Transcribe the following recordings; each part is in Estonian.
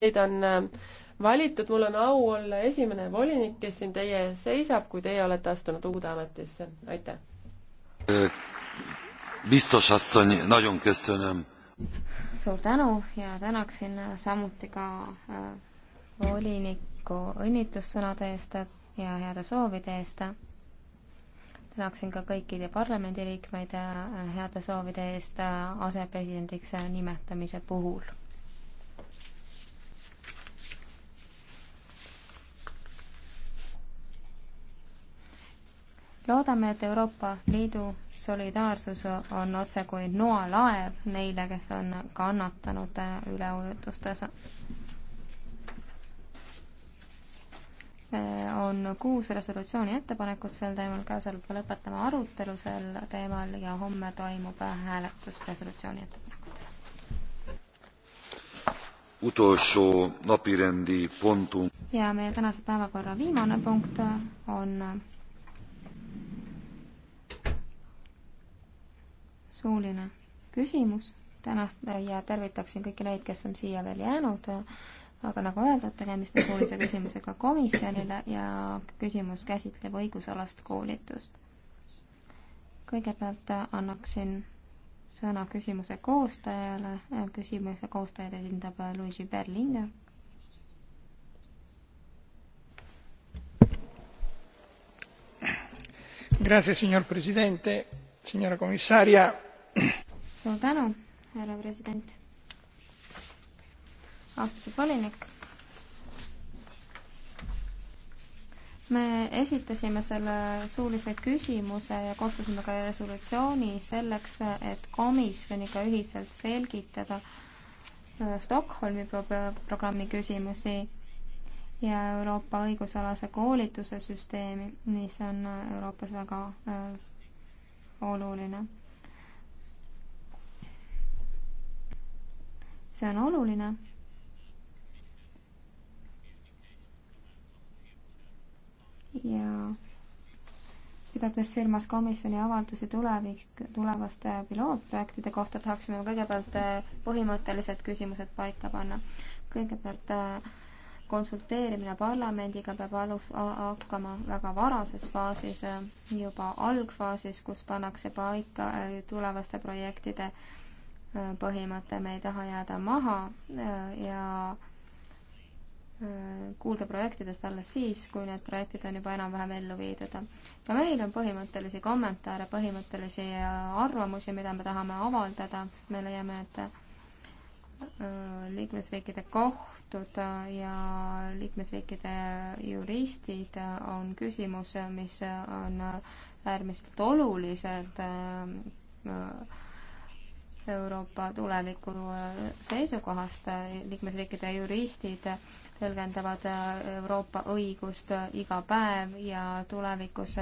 teid on äh, valitud, mul on au olla esimene volinik, kes siin teie ees seisab, kui teie olete astunud uude ametisse, aitäh! suur tänu ja tänaksin samuti ka äh, voliniku õnnitlussõnade eest ja heade soovide eest. tänaksin ka kõikide parlamendiliikmeid äh, heade soovide eest asepresidendiks nimetamise puhul loodame, et Euroopa Liidu solidaarsus on otsekui noalaev neile, kes on kannatanud üleujutustes. on kuus resolutsiooni ettepanekut sel teemal, käesoleva lõpetame arutelu sel teemal ja homme toimub hääletus resolutsiooni ettepanekutele. ja meie tänase päevakorra viimane punkt on suuline küsimus tänast ja tervitaksin kõiki neid, kes on siia veel jäänud, aga nagu öeldud, tegemist on suulise küsimusega komisjonile ja küsimus käsitleb õigusalast koolitust. kõigepealt annaksin sõna küsimuse koostajale, küsimuse koostajad esindab Luigi Berlinger. Grazie, signor presidente, signora commissaria suur tänu, härra president. austatud volinik. me esitasime selle suulise küsimuse ja koostasime ka resolutsiooni selleks, et komisjoniga ühiselt selgitada äh, Stockholmi pro programmi küsimusi ja Euroopa õigusalase koolituse süsteemi, mis on Euroopas väga äh, oluline see on oluline. ja pidades silmas komisjoni avaldusi tulevik, tulevaste pilootprojektide kohta, tahaksime kõigepealt äh, põhimõttelised küsimused paika panna. kõigepealt äh, konsulteerimine parlamendiga peab alus, hakkama väga varases faasis, äh, juba algfaasis, kus pannakse paika tulevaste projektide äh, põhimõte, me ei taha jääda maha äh, ja äh, kuulda projektidest alles siis, kui need projektid on juba enam-vähem ellu viidud. ka meil on põhimõttelisi kommentaare, põhimõttelisi äh, arvamusi, mida me tahame avaldada, sest me leiame, et liikmesriikide kohtud ja liikmesriikide juristid on küsimus, mis on äärmiselt oluliselt Euroopa tuleviku äh, seisukohast. liikmesriikide juristid tõlgendavad äh, Euroopa õigust äh, iga päev ja tulevikus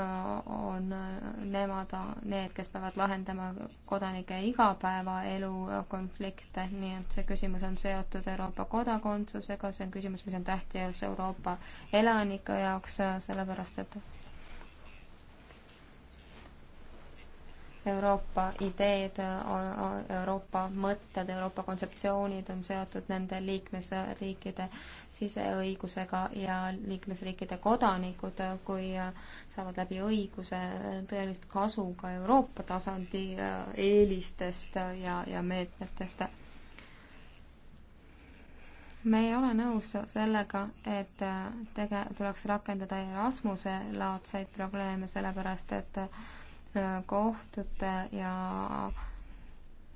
on nemad need, kes peavad lahendama kodanike igapäevaelu konflikte, nii et see küsimus on seotud Euroopa kodakondsusega, see on küsimus, mis on tähtis Euroopa elanike jaoks, sellepärast et Euroopa ideed, Euroopa mõtted, Euroopa kontseptsioonid on seotud nende liikmesriikide siseõigusega ja liikmesriikide kodanikud, kui saavad läbi õiguse tõelist kasu ka Euroopa tasandi äh, eelistest ja, ja meetmetest. me ei ole nõus sellega, et äh, tege-, tuleks rakendada Erasmuse laadseid probleeme, sellepärast et äh, kohtute ja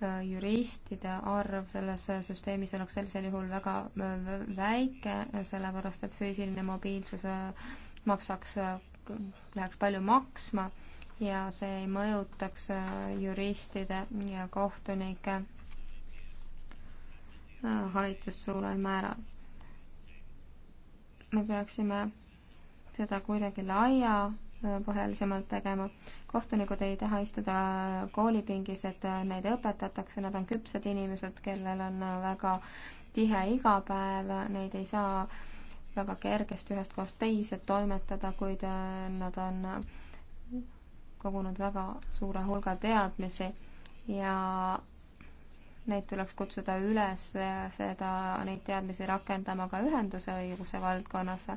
äh, juristide arv selles süsteemis oleks sellisel juhul väga äh, väike, sellepärast et füüsiline mobiilsus äh, maksaks, läheks palju maksma ja see ei mõjutaks juristide ja kohtunike haritust suurel määral. me peaksime seda kuidagi laia põhjalisemalt tegema. kohtunikud ei taha istuda koolipingis, et neid õpetatakse, nad on küpsed inimesed, kellel on väga tihe igapäev, neid ei saa väga kergesti ühest kohast teise toimetada, kuid äh, nad on kogunud väga suure hulga teadmisi ja neid tuleks kutsuda üles seda, neid teadmisi rakendama ka ühenduse õiguse valdkonnas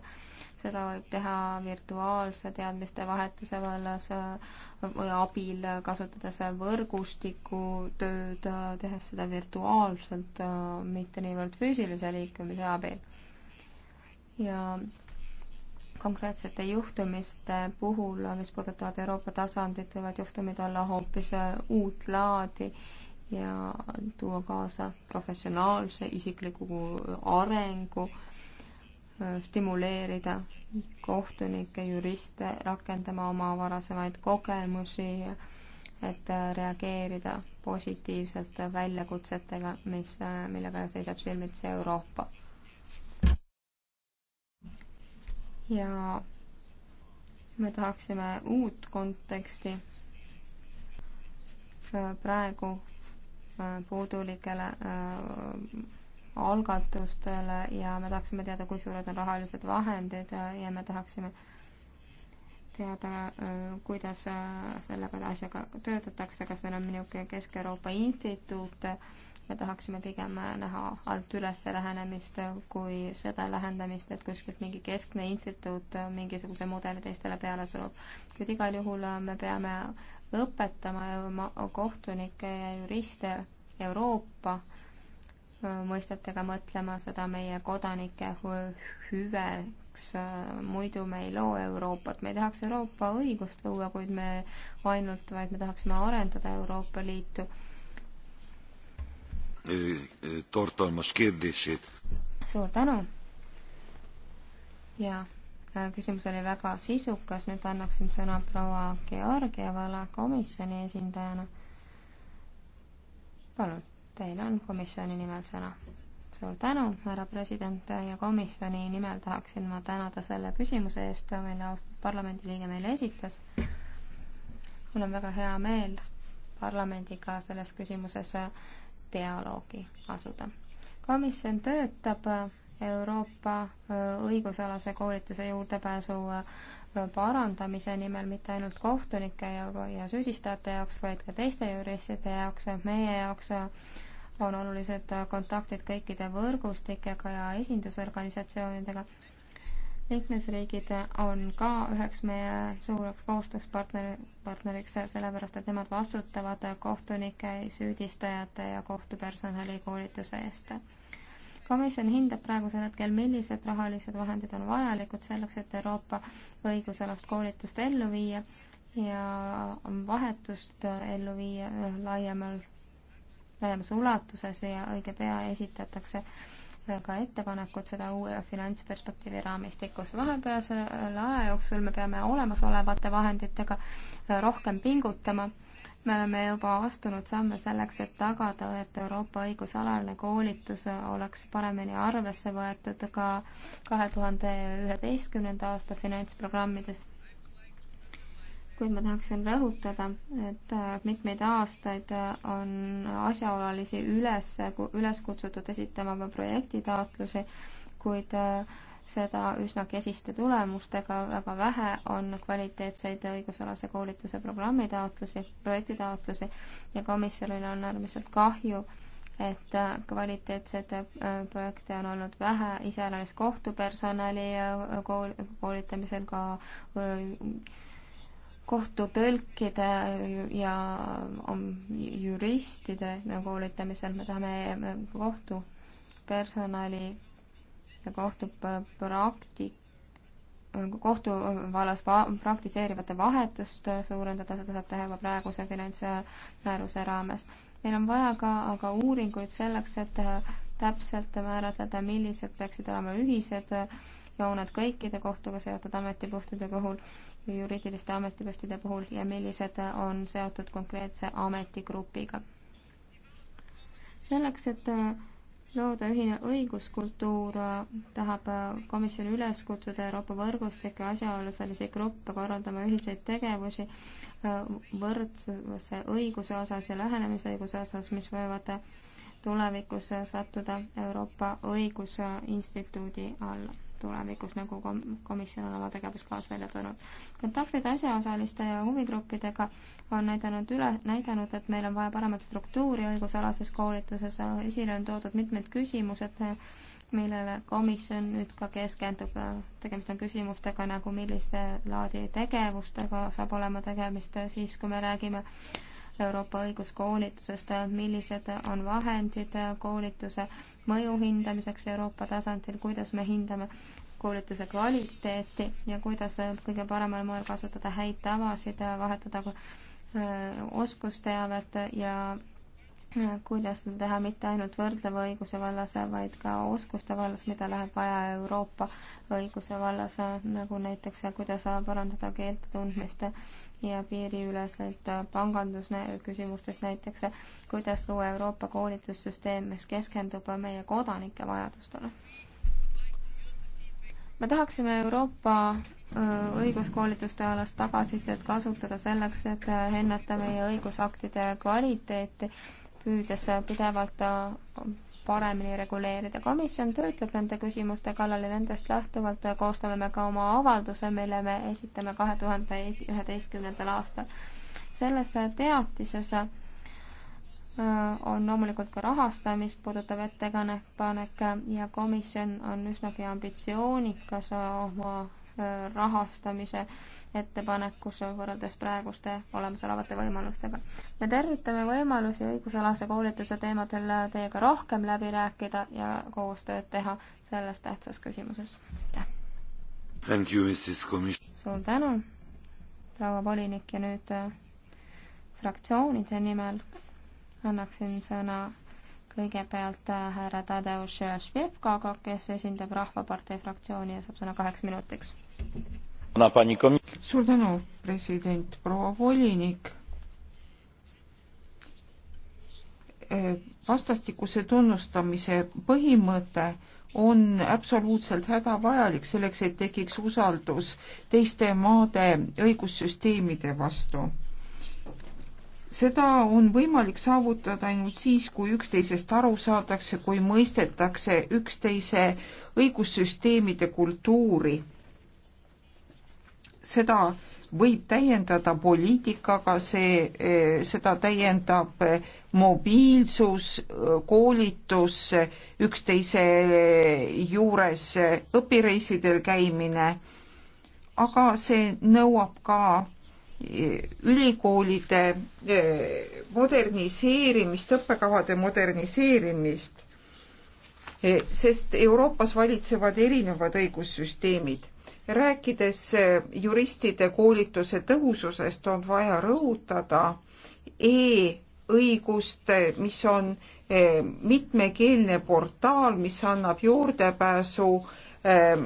seda võib teha virtuaalse teadmiste vahetuse vallas äh, või abil, äh, kasutades võrgustiku tööd, äh, tehes seda virtuaalselt, mitte niivõrd füüsilise liikumise abil. ja konkreetsete juhtumiste puhul, mis puudutavad Euroopa tasandit, võivad juhtumid olla hoopis uut laadi ja tuua kaasa professionaalse isikliku arengu äh, stimuleerida kohtunikke, juriste rakendama oma varasemaid kogemusi, et äh, reageerida positiivselt väljakutsetega, mis, äh, millega seisab silmitsi Euroopa. ja me tahaksime uut konteksti äh, praegu puudulikele algatustele ja me tahaksime teada, kui suured on rahalised vahendid ja me tahaksime teada, kuidas sellega asjaga töötatakse, kas meil on niisugune Kesk-Euroopa instituut, me tahaksime pigem näha alt üles lähenemist kui seda lähendamist, et kuskilt mingi keskne instituut mingisuguse mudeli teistele peale surub. kuid igal juhul me peame õpetama kohtunikke ja juriste Euroopa Äh, mõistetega mõtlema seda meie kodanike hüveks, äh, muidu me ei loo Euroopat, me ei tahaks Euroopa õigust luua, kuid me ainult, vaid me tahaksime arendada Euroopa Liitu. suur tänu! jaa, äh, küsimus oli väga sisukas, nüüd annaksin sõna proua Georgievale komisjoni esindajana. palun Teil on komisjoni nimel sõna. suur tänu, härra president ja komisjoni nimel tahaksin ma tänada selle küsimuse eest, mille austatud parlamendiliige meile esitas. mul on väga hea meel parlamendiga selles küsimuses dialoogi asuda. komisjon töötab Euroopa õigusalase koolituse juurdepääsu parandamise nimel mitte ainult kohtunike ja, ja süüdistajate jaoks, vaid ka teiste juristide jaoks, meie jaoks on olulised kontaktid kõikide võrgustikega ja esindusorganisatsioonidega. liikmesriigid on ka üheks meie suureks koostööspartner, partneriks, sellepärast et nemad vastutavad kohtunike, süüdistajate ja kohtupersonali koolituse eest komisjon hindab praegusel hetkel, millised rahalised vahendid on vajalikud selleks, et Euroopa õigusalast koolitust ellu viia ja vahetust ellu viia laiemal täiemas ulatuses ja õige pea esitatakse ka ettepanekud seda uue finantsperspektiivi raamistikus. vahepealsel aja jooksul me peame olemasolevate vahenditega rohkem pingutama. me oleme juba astunud samme selleks, et tagada, et Euroopa õigusalane koolitus oleks paremini arvesse võetud ka kahe tuhande üheteistkümnenda aasta finantsprogrammides kuid ma tahaksin rõhutada, et äh, mitmeid aastaid äh, on asjaolalisi üles, üles kutsutud esitama oma projektitaotlusi, kuid äh, seda üsna kesiste tulemustega, väga vähe on kvaliteetseid õigusalase koolituse programmi taotlusi, projektitaotlusi ja komisjonil on äärmiselt kahju, et kvaliteetseid projekte on olnud vähe, iseäranis kohtupersonali kool, koolitamisel ka öö, kohtutõlkide ja juristide koolitamisel nagu me tahame kohtupersonali ja kohtupraktik-, kohtuvallas va-, praktiseerivate vahetust suurendada, seda saab teha juba praeguse finantsmääruse raames. meil on vaja ka aga uuringuid selleks, et täpselt määratleda, millised peaksid olema ühised jooned kõikide kohtuga seotud ametipuhtide puhul juriidiliste ametipostide puhul ja millised on seotud konkreetse ametigrupiga. selleks, et äh, looda ühine õiguskultuur, äh, tahab äh, komisjon üles kutsuda Euroopa võrgustike asjaoluselisi gruppe korraldama ühiseid tegevusi võrdse õiguse osas ja lähenemisõiguse osas, mis võivad tulevikus sattuda Euroopa Õigusinstituudi alla tulevikus, nagu kom-, komisjon on oma tegevuskavas välja toonud. kontaktid asjaosaliste ja huvigruppidega on näidanud üle, näidanud, et meil on vaja paremat struktuuri õigusalases koolituses, esile on toodud mitmed küsimused, millele komisjon nüüd ka keskendub. tegemist on küsimustega nagu, milliste laadi tegevustega saab olema tegemist siis, kui me räägime Euroopa õiguskoolitusest, millised on vahendid koolituse mõju hindamiseks Euroopa tasandil, kuidas me hindame koolituse kvaliteeti ja kuidas kõige paremal moel kasutada häid tavasid, vahetada äh, oskusteavet ja kuidas seda teha mitte ainult võrdleva õiguse vallas, vaid ka oskuste vallas, mida läheb vaja Euroopa õiguse vallas, nagu näiteks kuidas parandada keelte tundmist ja piiriüleselt pangandusküsimustes näiteks, kuidas luua Euroopa koolitussüsteem, mis keskendub meie kodanike vajadustele. me tahaksime Euroopa õiguskoolituste alast tagasisidet kasutada selleks, et hinnata meie õigusaktide kvaliteeti püüdes pidevalt äh, paremini reguleerida. komisjon töötleb nende küsimuste kallal ja nendest lähtuvalt koostame me ka oma avalduse, mille me esitame kahe tuhande üheteistkümnendal aastal. selles teatises äh, on loomulikult ka rahastamist puudutav ettepanek ja komisjon on üsnagi ambitsioonikas oma äh, rahastamise ettepanekus võrreldes praeguste olemasolevate võimalustega me tervitame võimalusi õigusalase koolituse teemadel teiega rohkem läbi rääkida ja koostööd teha selles tähtsas küsimuses. aitäh! suur tänu, proua volinik ja nüüd äh, fraktsioonide nimel annaksin sõna kõigepealt äh, härra Tadeusz Švevkaga, kes esindab Rahvapartei fraktsiooni ja saab sõna kaheks minutiks. suur tänu, president, proua volinik vastastikuse tunnustamise põhimõte on absoluutselt hädavajalik selleks, et tekiks usaldus teiste maade õigussüsteemide vastu. seda on võimalik saavutada ainult siis, kui üksteisest aru saadakse, kui mõistetakse üksteise õigussüsteemide kultuuri. seda võib täiendada poliitikaga, see, eh, seda täiendab eh, mobiilsus, eh, koolitus, üksteise juures õpireisidel käimine, aga see nõuab ka ülikoolide moderniseerimist, õppekavade moderniseerimist, sest Euroopas valitsevad erinevad õigussüsteemid rääkides eh, juristide koolituse tõhususest, on vaja rõhutada e-õigust, mis on eh, mitmekeelne portaal, mis annab juurdepääsu ehm,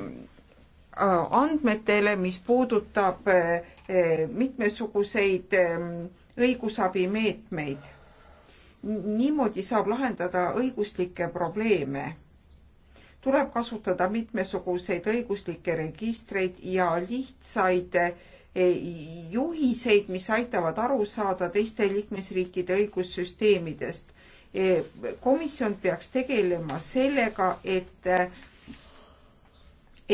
andmetele, mis puudutab eh, mitmesuguseid ehm, õigusabimeetmeid. niimoodi saab lahendada õiguslikke probleeme tuleb kasutada mitmesuguseid õiguslikke registreid ja lihtsaid eh, juhiseid, mis aitavad aru saada teiste liikmesriikide õigussüsteemidest. Eh, komisjon peaks tegelema sellega, et, eh,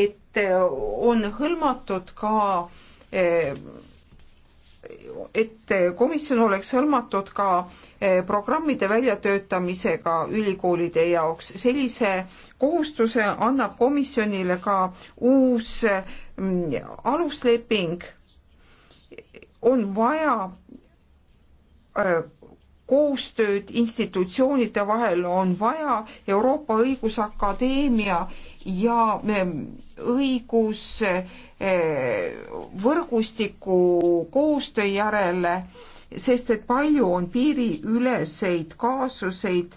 et on hõlmatud ka et komisjon oleks hõlmatud ka eh, programmide väljatöötamisega ülikoolide jaoks. sellise kohustuse annab komisjonile ka uus mm, alusleping. on vaja eh, koostööd institutsioonide vahel on vaja, Euroopa Õigusakadeemia ja ehm, õigusvõrgustiku ehm, koostöö järele, sest et palju on piiriüleseid kaasuseid.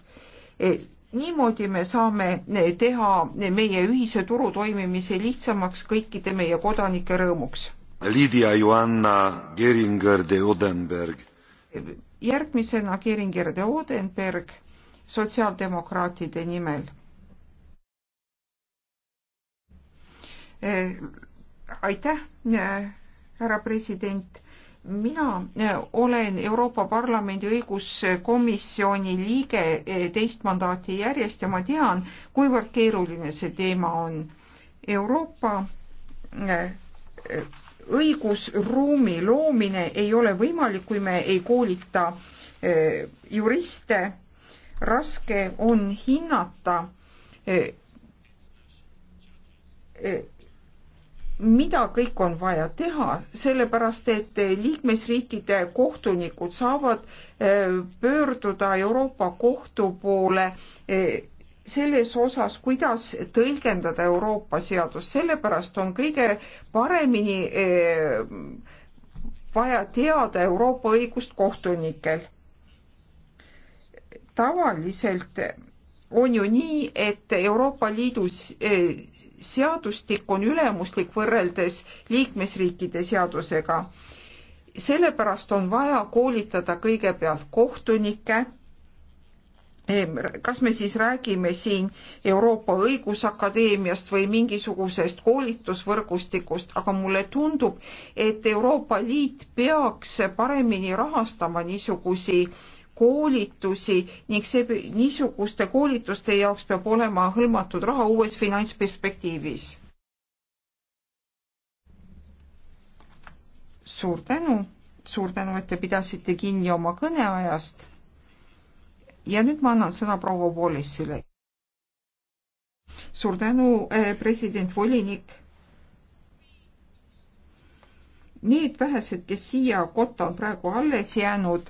E, niimoodi me saame e, teha meie ühise turu toimimise lihtsamaks kõikide meie kodanike rõõmuks. Lydia Joanna Geringer de Odenberg e, järgmisena Keringerde Odenberg sotsiaaldemokraatide nimel. Eh, aitäh, eh, härra president mina eh, olen Euroopa Parlamendi õiguskomisjoni liige teist mandaati järjest ja ma tean, kuivõrd keeruline see teema on. Euroopa õigusruumi loomine ei ole võimalik, kui me ei koolita eh, juriste. raske on hinnata eh, eh, mida kõik on vaja teha, sellepärast et liikmesriikide kohtunikud saavad pöörduda Euroopa Kohtu poole selles osas, kuidas tõlgendada Euroopa seadust, sellepärast on kõige paremini eh, vaja teada Euroopa õigust kohtunikel. tavaliselt on ju nii, et Euroopa Liidu eh, seadustik on ülemuslik võrreldes liikmesriikide seadusega. sellepärast on vaja koolitada kõigepealt kohtunikke kas me siis räägime siin Euroopa Õigusakadeemiast või mingisugusest koolitusvõrgustikust, aga mulle tundub, et Euroopa Liit peaks paremini rahastama niisugusi koolitusi ning see, niisuguste koolituste jaoks peab olema hõlmatud raha uues finantsperspektiivis. suur tänu, suur tänu, et te pidasite kinni oma kõneajast ja nüüd ma annan sõna proua Poolissile. suur tänu, eh, president volinik. Need vähesed, kes siia kotta on praegu alles jäänud,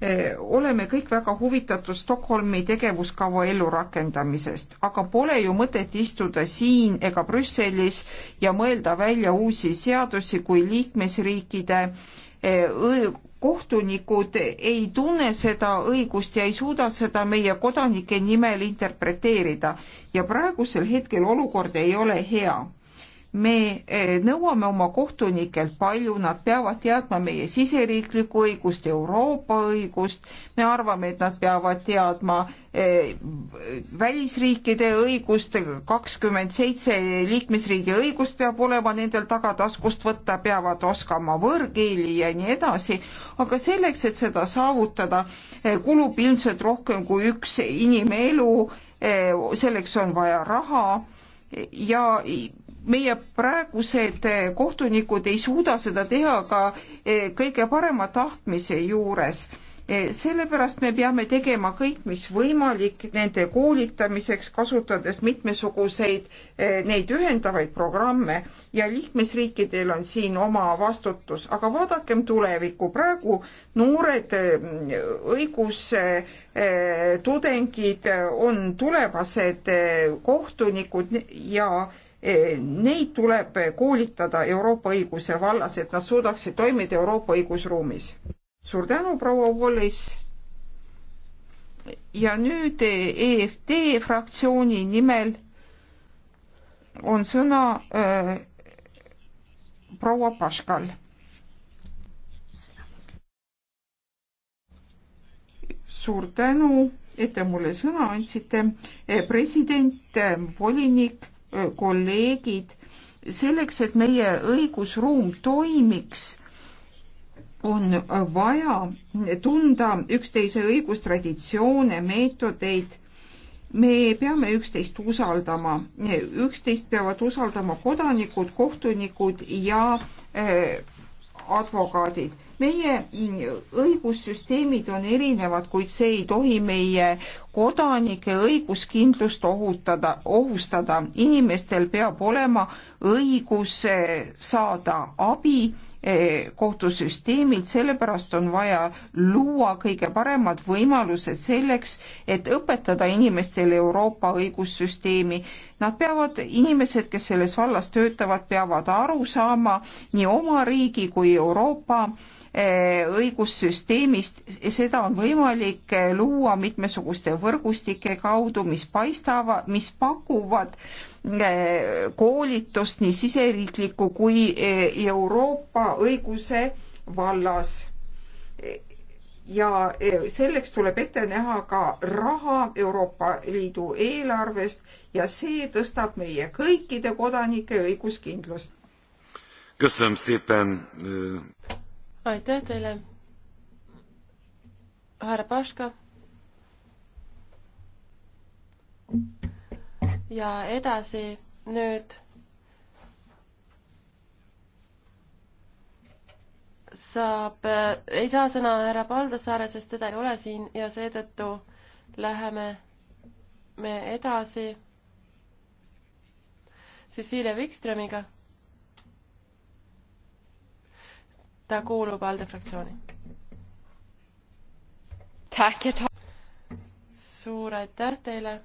eh, oleme kõik väga huvitatud Stockholmi tegevuskava ellurakendamisest, aga pole ju mõtet istuda siin ega Brüsselis ja mõelda välja uusi seadusi, kui liikmesriikide eh, kohtunikud ei tunne seda õigust ja ei suuda seda meie kodanike nimel interpreteerida ja praegusel hetkel olukord ei ole hea me eh, nõuame oma kohtunikelt palju, nad peavad teadma meie siseriiklikku õigust, Euroopa õigust, me arvame, et nad peavad teadma eh, välisriikide õigust, kakskümmend seitse liikmesriigi õigust peab olema nendel tagataskust võtta, peavad oskama võõrkeeli ja nii edasi, aga selleks, et seda saavutada, eh, kulub ilmselt rohkem kui üks inimelu, selleks on vaja raha ja meie praegused kohtunikud ei suuda seda teha ka eh, kõige parema tahtmise juures. Eh, sellepärast me peame tegema kõik, mis võimalik nende koolitamiseks, kasutades mitmesuguseid eh, neid ühendavaid programme ja liikmesriikidel on siin oma vastutus, aga vaadakem tulevikku, praegu noored õigustudengid on tulevased kohtunikud ja Eh, neid tuleb koolitada Euroopa õiguse vallas, et nad suudaksid toimida Euroopa õigusruumis. suur tänu, proua Wallis. ja nüüd EFD eh, e fraktsiooni nimel on sõna äh, proua Paškal. suur tänu, et te mulle sõna andsite. president, volinik kolleegid, selleks, et meie õigusruum toimiks, on vaja tunda üksteise õigustraditsioone, meetodeid. me peame üksteist usaldama, üksteist peavad usaldama kodanikud, kohtunikud ja eh, advokaadid meie mm, õigussüsteemid on erinevad, kuid see ei tohi meie kodanike õiguskindlust ohutada, ohustada. inimestel peab olema õigus eh, saada abi eh, kohtusüsteemilt, sellepärast on vaja luua kõige paremad võimalused selleks, et õpetada inimestele Euroopa õigussüsteemi. Nad peavad, inimesed, kes selles vallas töötavad, peavad aru saama nii oma riigi kui Euroopa Eh, õigussüsteemist, seda on võimalik eh, luua mitmesuguste võrgustike kaudu, mis paistavad, mis pakuvad eh, koolitust nii siseriikliku kui Euroopa õiguse vallas. ja selleks tuleb ette näha ka raha Euroopa Liidu eelarvest ja see tõstab meie kõikide kodanike õiguskindlust. köszönöm szépen aitäh teile, härra Paška. ja edasi nüüd saab, äh, ei saa sõna härra Paldasaare, sest teda ei ole siin ja seetõttu läheme me edasi Cecilia Wikströmiga ta kuulub ALDE fraktsiooni. suur aitäh teile!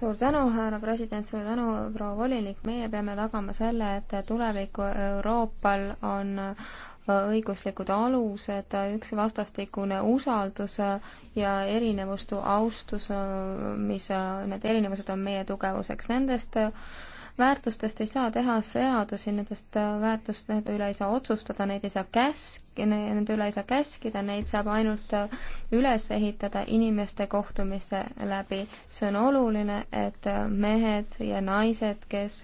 suur tänu, härra president, suur tänu, proua volinik, meie peame tagama selle, et tuleviku Euroopal on äh, õiguslikud alused, üks vastastikune usaldus ja erinevuste austus, äh, mis, äh, need erinevused on meie tugevuseks nendest väärtustest ei saa teha seadusi, nendest äh, väärtust, nende üle ei saa otsustada, neid ei saa käsk-, nende üle ei saa käskida, neid saab ainult äh, üles ehitada inimeste kohtumiste läbi. see on oluline, et äh, mehed ja naised, kes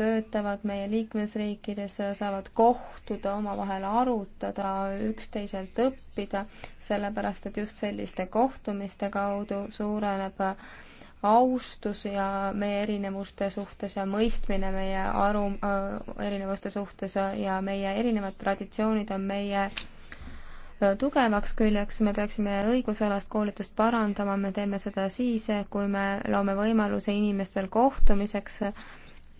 töötavad meie liikmesriikides, saavad kohtuda, omavahel arutada, üksteiselt õppida, sellepärast et just selliste kohtumiste kaudu suureneb austus ja meie erinevuste suhtes ja mõistmine meie aru äh,, erinevuste suhtes ja meie erinevad traditsioonid on meie äh, tugevaks küljeks, me peaksime õigusalast koolitust parandama, me teeme seda siis, kui me loome võimaluse inimestel kohtumiseks äh,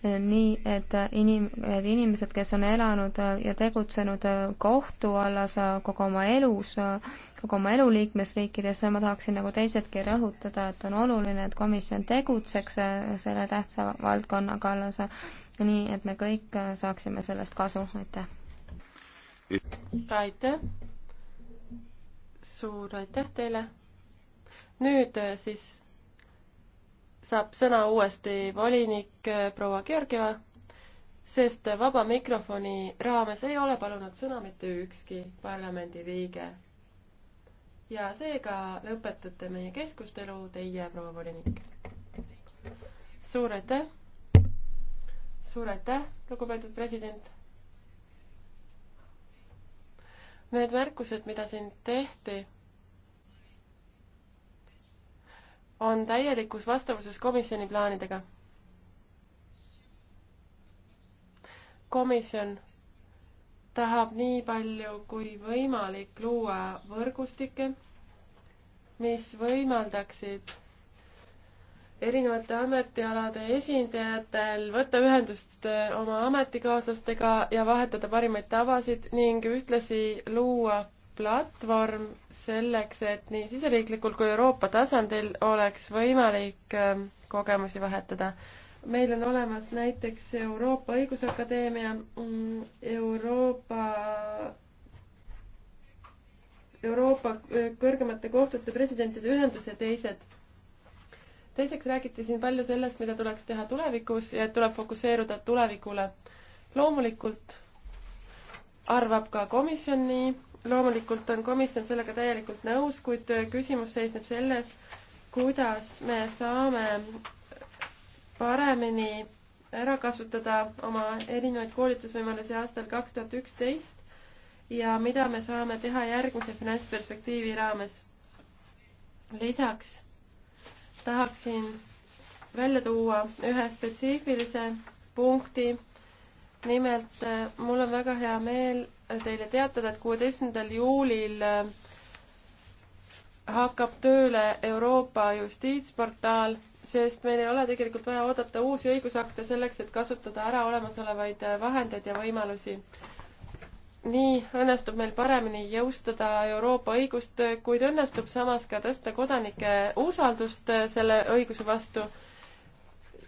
nii et inim-, et inimesed, kes on elanud ja tegutsenud kohtu allas kogu oma elus, kogu oma elu liikmesriikides, ma tahaksin nagu teisedki rõhutada, et on oluline, et komisjon tegutseks selle tähtsa valdkonna kallas, nii et me kõik saaksime sellest kasu, aitäh! aitäh! suur aitäh teile! nüüd siis saab sõna uuesti volinik äh, proua Georgieva, sest vaba mikrofoni raames ei ole palunud sõna mitte ükski parlamendiliige. ja seega lõpetate meie keskustelu teie, proua volinik. suur aitäh! suur aitäh, lugupeetud president! Need märkused, mida siin tehti on täielikus vastavuses komisjoni plaanidega. komisjon tahab nii palju kui võimalik luua võrgustikke, mis võimaldaksid erinevate ametialade esindajatel võtta ühendust eh, oma ametikaaslastega ja vahetada parimaid tavasid ning ühtlasi luua platvorm selleks, et nii siseriiklikul kui Euroopa tasandil oleks võimalik ähm, kogemusi vahetada. meil on olemas näiteks Euroopa Õigusakadeemia, mm, Euroopa, Euroopa äh, kõrgemate kohtute presidentide ühendus ja teised. teiseks räägiti siin palju sellest, mida tuleks teha tulevikus ja et tuleb fokusseeruda tulevikule. loomulikult arvab ka komisjon nii loomulikult on komisjon sellega täielikult nõus, kuid küsimus seisneb selles, kuidas me saame paremini ära kasutada oma erinevaid koolitusvõimalusi aastal kaks tuhat üksteist ja mida me saame teha järgmise finantsperspektiivi raames. lisaks tahaksin välja tuua ühe spetsiifilise punkti. nimelt mul on väga hea meel, teile teatada, et kuueteistkümnendal juulil äh, hakkab tööle Euroopa justiitsportaal, sest meil ei ole tegelikult vaja oodata uusi õigusakte selleks, et kasutada ära olemasolevaid äh, vahendeid ja võimalusi. nii õnnestub meil paremini jõustada Euroopa õigust, äh, kuid õnnestub samas ka tõsta kodanike usaldust selle õiguse vastu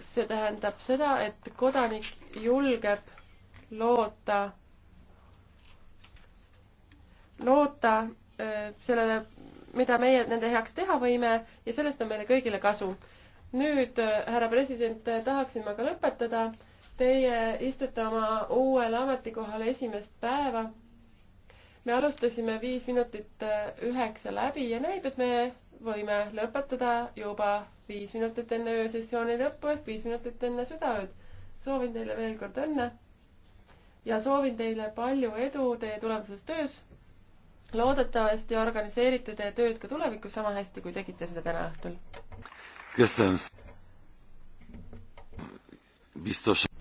see tähendab seda, et kodanik julgeb loota loota sellele, mida meie nende heaks teha võime ja sellest on meile kõigile kasu. nüüd, härra president, tahaksin ma ka lõpetada. Teie istute oma uuele ametikohale esimest päeva. me alustasime viis minutit üheksa läbi ja näib, et me võime lõpetada juba viis minutit enne öösessiooni lõppu ehk viis minutit enne südaööd. soovin teile veel kord õnne ja soovin teile palju edu teie tulevases töös loodetavasti organiseerite te tööd ka tulevikus sama hästi, kui tegite seda täna õhtul.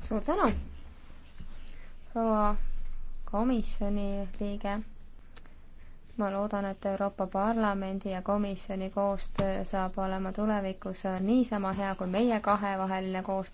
suur tänu, proua komisjoni liige. ma loodan, et Euroopa Parlamendi ja komisjoni koostöö saab olema tulevikus niisama hea kui meie kahevaheline koostöö.